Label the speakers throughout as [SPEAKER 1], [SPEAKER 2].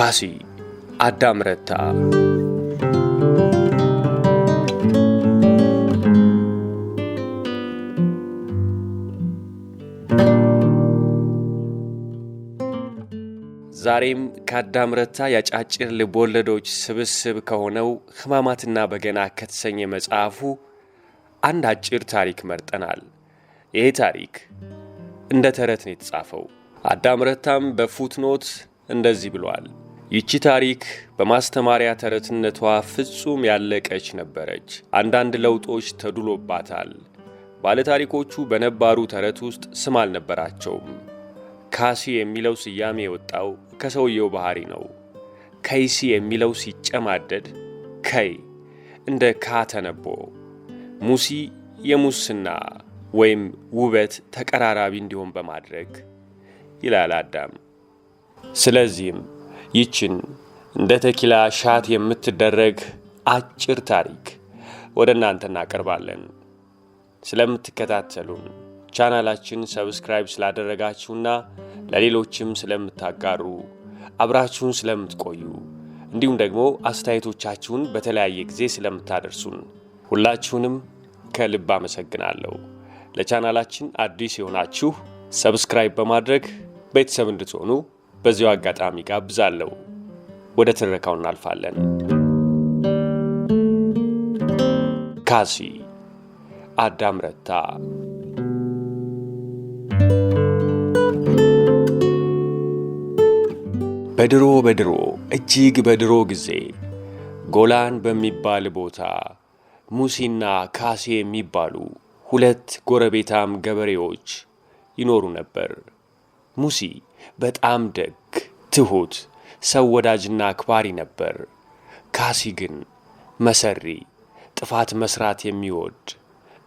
[SPEAKER 1] ካሲ አዳም ረታ ዛሬም ከአዳም ረታ ያጫጭር ልቦለዶች ስብስብ ከሆነው ሕማማትና በገና ከተሰኘ መጽሐፉ አንድ አጭር ታሪክ መርጠናል። ይሄ ታሪክ እንደ ተረት ነው የተጻፈው። አዳም ረታም በፉትኖት እንደዚህ ብሏል። ይቺ ታሪክ በማስተማሪያ ተረትነቷ ፍጹም ያለቀች ነበረች። አንዳንድ ለውጦች ተዱሎባታል። ባለታሪኮቹ በነባሩ ተረት ውስጥ ስም አልነበራቸውም። ካሲ የሚለው ስያሜ የወጣው ከሰውየው ባህሪ ነው። ከይሲ የሚለው ሲጨማደድ ከይ እንደ ካ ተነቦ፣ ሙሲ የሙስና ወይም ውበት ተቀራራቢ እንዲሆን በማድረግ ይላል አዳም። ስለዚህም ይችን እንደ ተኪላ ሻት የምትደረግ አጭር ታሪክ ወደ እናንተ እናቀርባለን። ስለምትከታተሉን ቻናላችን ሰብስክራይብ ስላደረጋችሁና ለሌሎችም ስለምታጋሩ አብራችሁን ስለምትቆዩ እንዲሁም ደግሞ አስተያየቶቻችሁን በተለያየ ጊዜ ስለምታደርሱን ሁላችሁንም ከልብ አመሰግናለሁ። ለቻናላችን አዲስ የሆናችሁ ሰብስክራይብ በማድረግ ቤተሰብ እንድትሆኑ በዚሁ አጋጣሚ ጋብዛለሁ። ወደ ትረካው እናልፋለን። ካሲ አዳም ረታ
[SPEAKER 2] በድሮ በድሮ እጅግ በድሮ ጊዜ ጎላን በሚባል ቦታ ሙሲና ካሴ የሚባሉ ሁለት ጎረቤታም ገበሬዎች ይኖሩ ነበር። ሙሲ በጣም ደግ፣ ትሑት፣ ሰው ወዳጅና አክባሪ ነበር። ካሲ ግን መሰሪ፣ ጥፋት መስራት የሚወድ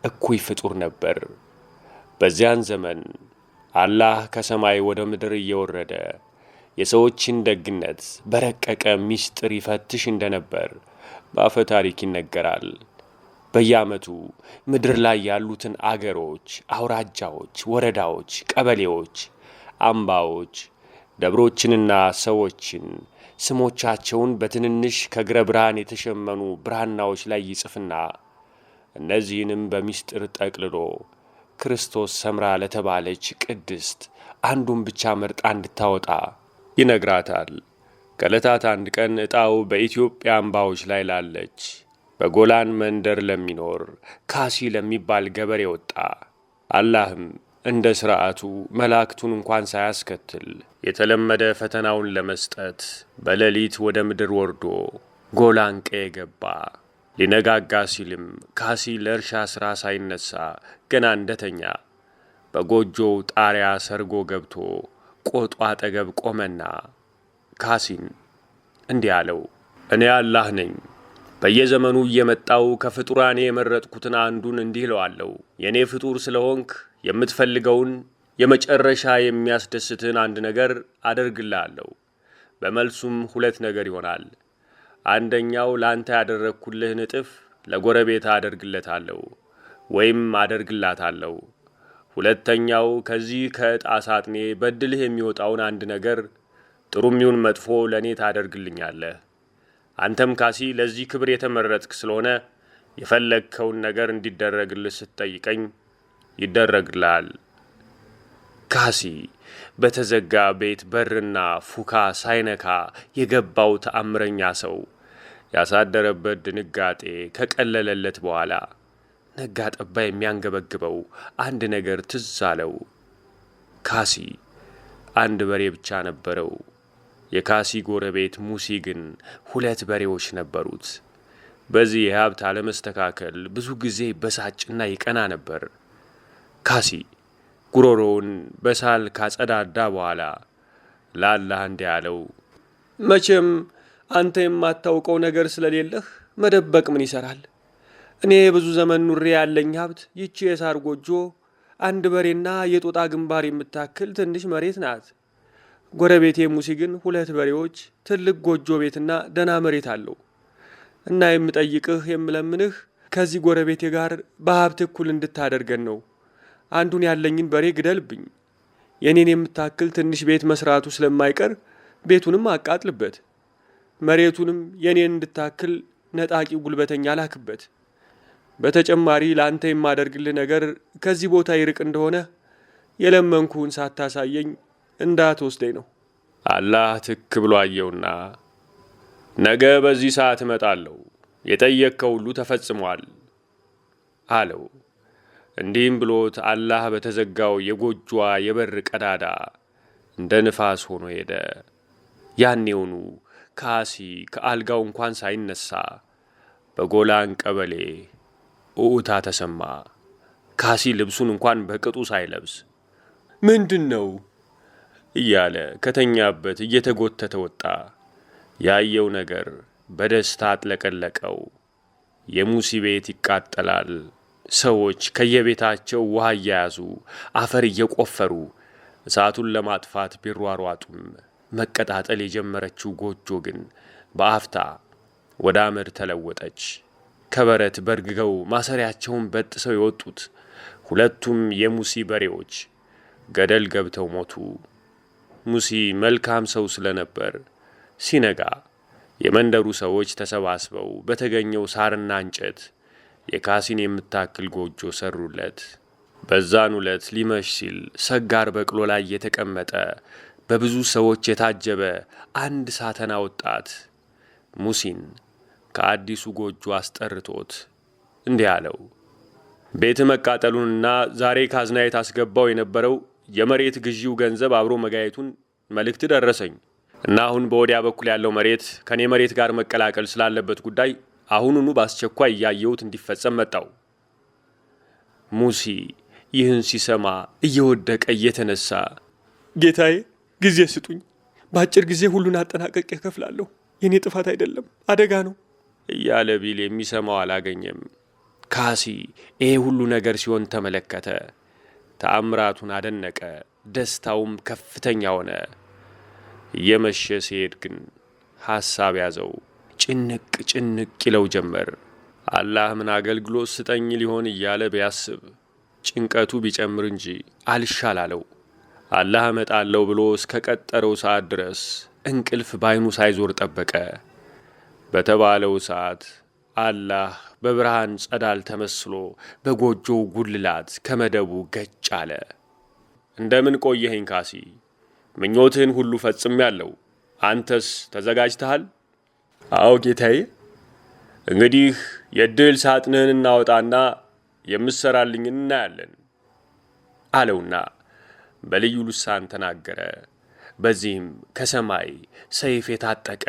[SPEAKER 2] እኩይ ፍጡር ነበር። በዚያን ዘመን አላህ ከሰማይ ወደ ምድር እየወረደ የሰዎችን ደግነት በረቀቀ ምስጢር ይፈትሽ እንደነበር በአፈ ታሪክ ይነገራል። በየዓመቱ ምድር ላይ ያሉትን አገሮች፣ አውራጃዎች፣ ወረዳዎች፣ ቀበሌዎች አምባዎች ደብሮችንና ሰዎችን ስሞቻቸውን በትንንሽ ከግረ ብርሃን የተሸመኑ ብራናዎች ላይ ይጽፍና እነዚህንም በምስጢር ጠቅልሎ ክርስቶስ ሰምራ ለተባለች ቅድስት አንዱን ብቻ መርጣ እንድታወጣ ይነግራታል። ከዕለታት አንድ ቀን ዕጣው በኢትዮጵያ አምባዎች ላይ ላለች በጎላን መንደር ለሚኖር ካሲ ለሚባል ገበሬ ወጣ። አላህም እንደ ሥርዓቱ መላእክቱን እንኳን ሳያስከትል የተለመደ ፈተናውን ለመስጠት በሌሊት ወደ ምድር ወርዶ ጎላንቄ የገባ ሊነጋጋ ሲልም ካሲ ለእርሻ ሥራ ሳይነሣ ገና እንደተኛ በጎጆው ጣሪያ ሰርጎ ገብቶ ቆጡ አጠገብ ቆመና ካሲን እንዲህ አለው፣ እኔ አላህ ነኝ። በየዘመኑ እየመጣው ከፍጡራኔ የመረጥኩትን አንዱን እንዲህ እለዋለሁ፣ የእኔ ፍጡር ስለሆንክ የምትፈልገውን የመጨረሻ የሚያስደስትን አንድ ነገር አደርግልሃለሁ። በመልሱም ሁለት ነገር ይሆናል። አንደኛው ለአንተ ያደረግኩልህን እጥፍ ለጎረቤታ አደርግለታለሁ ወይም አደርግላታለሁ። ሁለተኛው ከዚህ ከዕጣ ሳጥኔ በድልህ የሚወጣውን አንድ ነገር ጥሩም ይሁን መጥፎ ለእኔ ታደርግልኛለህ። አንተም ካሲ ለዚህ ክብር የተመረጥክ ስለሆነ የፈለግከውን ነገር እንዲደረግልህ ስትጠይቀኝ ይደረግላል። ካሲ በተዘጋ ቤት በርና ፉካ ሳይነካ የገባው ተአምረኛ ሰው ያሳደረበት ድንጋጤ ከቀለለለት በኋላ ነጋ ጠባ የሚያንገበግበው አንድ ነገር ትዝ አለው። ካሲ አንድ በሬ ብቻ ነበረው። የካሲ ጎረቤት ሙሲ ግን ሁለት በሬዎች ነበሩት። በዚህ የሀብት አለመስተካከል ብዙ ጊዜ በሳጭና ይቀና ነበር። ካሲ ጉሮሮውን በሳል ካጸዳዳ በኋላ ላላህ እንዲህ አለው፣ መቼም አንተ የማታውቀው ነገር ስለሌለህ መደበቅ ምን ይሰራል? እኔ ብዙ ዘመን ኑሬ ያለኝ ሀብት ይቺ የሳር ጎጆ አንድ በሬና የጦጣ ግንባር የምታክል ትንሽ መሬት ናት። ጎረቤቴ ሙሲ ግን ሁለት በሬዎች፣ ትልቅ ጎጆ ቤትና ደና መሬት አለው እና የምጠይቅህ የምለምንህ ከዚህ ጎረቤቴ ጋር በሀብት እኩል እንድታደርገን ነው። አንዱን ያለኝን በሬ ግደልብኝ፣ የኔን የምታክል ትንሽ ቤት መስራቱ ስለማይቀር ቤቱንም አቃጥልበት፣ መሬቱንም የኔን እንድታክል ነጣቂ ጉልበተኛ ላክበት። በተጨማሪ ለአንተ የማደርግልህ ነገር ከዚህ ቦታ ይርቅ እንደሆነ የለመንኩህን ሳታሳየኝ እንዳትወስደኝ ነው። አላህ ትክ ብሎ አየውና ነገ በዚህ ሰዓት እመጣለሁ፣ የጠየቅከው ሁሉ ተፈጽሟል አለው። እንዲህም ብሎት አላህ በተዘጋው የጎጇ የበር ቀዳዳ እንደ ንፋስ ሆኖ ሄደ። ያኔውኑ ካሲ ከአልጋው እንኳን ሳይነሳ በጎላን ቀበሌ እዑታ ተሰማ። ካሲ ልብሱን እንኳን በቅጡ ሳይለብስ ምንድን ነው እያለ ከተኛበት እየተጎተተ ወጣ። ያየው ነገር በደስታ አጥለቀለቀው። የሙሲ ቤት ይቃጠላል። ሰዎች ከየቤታቸው ውሃ እያያዙ አፈር እየቆፈሩ እሳቱን ለማጥፋት ቢሯሯጡም መቀጣጠል የጀመረችው ጎጆ ግን በአፍታ ወደ አመድ ተለወጠች። ከበረት በርግገው ማሰሪያቸውን በጥሰው የወጡት ሁለቱም የሙሲ በሬዎች ገደል ገብተው ሞቱ። ሙሲ መልካም ሰው ስለነበር ሲነጋ የመንደሩ ሰዎች ተሰባስበው በተገኘው ሳርና እንጨት የካሲን የምታክል ጎጆ ሰሩለት። በዛን ዕለት ሊመሽ ሲል ሰጋር በቅሎ ላይ የተቀመጠ በብዙ ሰዎች የታጀበ አንድ ሳተና ወጣት ሙሲን ከአዲሱ ጎጆ አስጠርቶት እንዲህ አለው። ቤት መቃጠሉንና ዛሬ ካዝና የታስገባው የነበረው የመሬት ግዢው ገንዘብ አብሮ መጋየቱን መልእክት ደረሰኝ እና አሁን በወዲያ በኩል ያለው መሬት ከእኔ መሬት ጋር መቀላቀል ስላለበት ጉዳይ አሁኑኑ በአስቸኳይ እያየሁት እንዲፈጸም መጣው። ሙሴ ይህን ሲሰማ እየወደቀ እየተነሳ ጌታዬ፣ ጊዜ ስጡኝ፣ በአጭር ጊዜ ሁሉን አጠናቀቅ እከፍላለሁ፣ የእኔ ጥፋት አይደለም አደጋ ነው እያለ ቢል የሚሰማው አላገኘም። ካሲ ይሄ ሁሉ ነገር ሲሆን ተመለከተ። ተአምራቱን አደነቀ። ደስታውም ከፍተኛ ሆነ። እየመሸ ሲሄድ ግን ሐሳብ ያዘው። ጭንቅ ጭንቅ ይለው ጀመር። አላህ ምን አገልግሎት ስጠኝ ሊሆን እያለ ቢያስብ ጭንቀቱ ቢጨምር እንጂ አልሻል አለው። አላህ እመጣለሁ ብሎ እስከ ቀጠረው ሰዓት ድረስ እንቅልፍ ባይኑ ሳይዞር ጠበቀ። በተባለው ሰዓት አላህ በብርሃን ጸዳል ተመስሎ በጎጆው ጉልላት ከመደቡ ገጭ አለ። እንደምን ቆየኸኝ ካሲ? ምኞትህን ሁሉ ፈጽሜያለሁ። አንተስ ተዘጋጅተሃል? አዎ ጌታዬ፣ እንግዲህ የድል ሳጥንህን እናወጣና የምሰራልኝ እናያለን አለውና በልዩ ልሳን ተናገረ። በዚህም ከሰማይ ሰይፍ የታጠቀ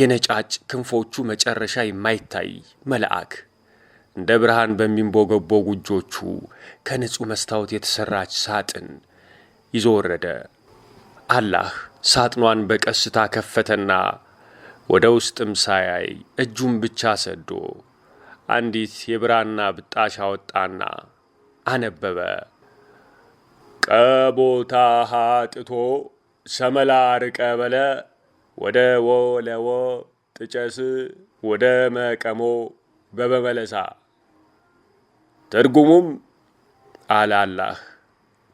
[SPEAKER 2] የነጫጭ ክንፎቹ መጨረሻ የማይታይ መልአክ እንደ ብርሃን በሚንቦገቦጉ እጆቹ ከንጹሕ መስታወት የተሠራች ሳጥን ይዞ ወረደ። አላህ ሳጥኗን በቀስታ ከፈተና ወደ ውስጥም ሳያይ እጁን ብቻ ሰዶ አንዲት የብራና ብጣሽ አወጣና አነበበ። ቀቦታ ሀጥቶ ሰመላ ርቀ በለ ወደ ወለወ ጥጨስ ወደ መቀሞ በበመለሳ ትርጉሙም አላላህ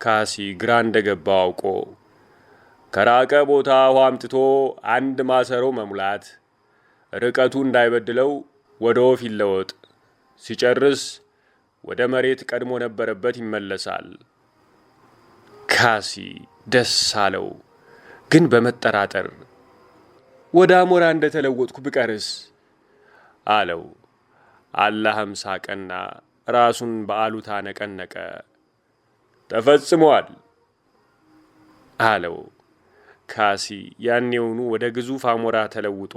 [SPEAKER 2] ካሲ ግራ እንደገባው አውቆ ከራቀ ቦታ ውሃ አምጥቶ አንድ ማሰሮ መሙላት፣ ርቀቱ እንዳይበድለው ወደ ወፍ ይለወጥ። ሲጨርስ ወደ መሬት ቀድሞ ነበረበት ይመለሳል። ካሲ ደስ አለው፣ ግን በመጠራጠር ወደ አሞራ እንደተለወጥኩ ብቀርስ አለው። አላህም ሳቀና ራሱን በአሉታ ነቀነቀ። ተፈጽሟል አለው። ካሲ ያኔውኑ ወደ ግዙፍ አሞራ ተለውጦ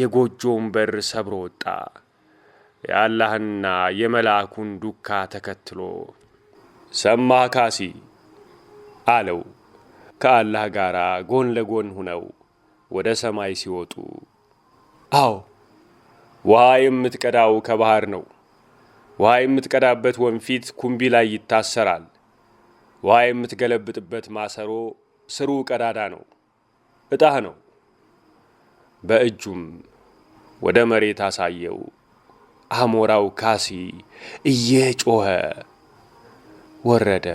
[SPEAKER 2] የጎጆውን በር ሰብሮ ወጣ። የአላህና የመልአኩን ዱካ ተከትሎ ሰማ ካሲ አለው። ከአላህ ጋር ጎን ለጎን ሁነው ወደ ሰማይ ሲወጡ፣ አዎ ውሃ የምትቀዳው ከባህር ነው። ውሃ የምትቀዳበት ወንፊት ኩምቢ ላይ ይታሰራል። ውሃ የምትገለብጥበት ማሰሮ ስሩ ቀዳዳ ነው፣ እጣህ ነው። በእጁም ወደ መሬት አሳየው። አሞራው ካሲ እየጮኸ ወረደ።